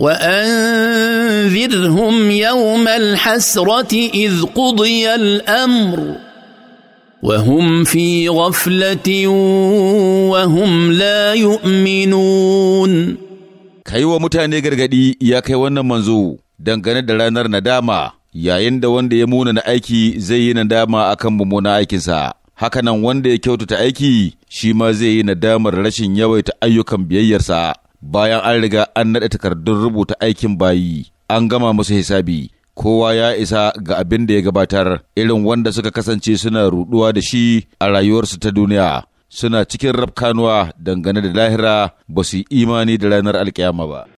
وانذرهم يوم الحسره اذ قضي الامر وهم في غفله وهم لا يؤمنون kaiwa mutane gargadi ya kai wannan manzo dangane da ranar nadama yayin da wanda ya muna na aiki zai yi nadama a kan mummunan aikinsa hakanan wanda ya kyautata aiki shi ma zai yi nadamar rashin yawaita ayyukan biyayyarsa bayan an riga an naɗa takardun rubuta aikin bayi an gama musu hisabi kowa ya isa ga abin da ya gabatar irin wanda suka kasance suna ruɗuwa da shi a rayuwarsu ta duniya suna cikin rafkanuwa dangane da lahira ba su yi imani da ranar alkiyama ba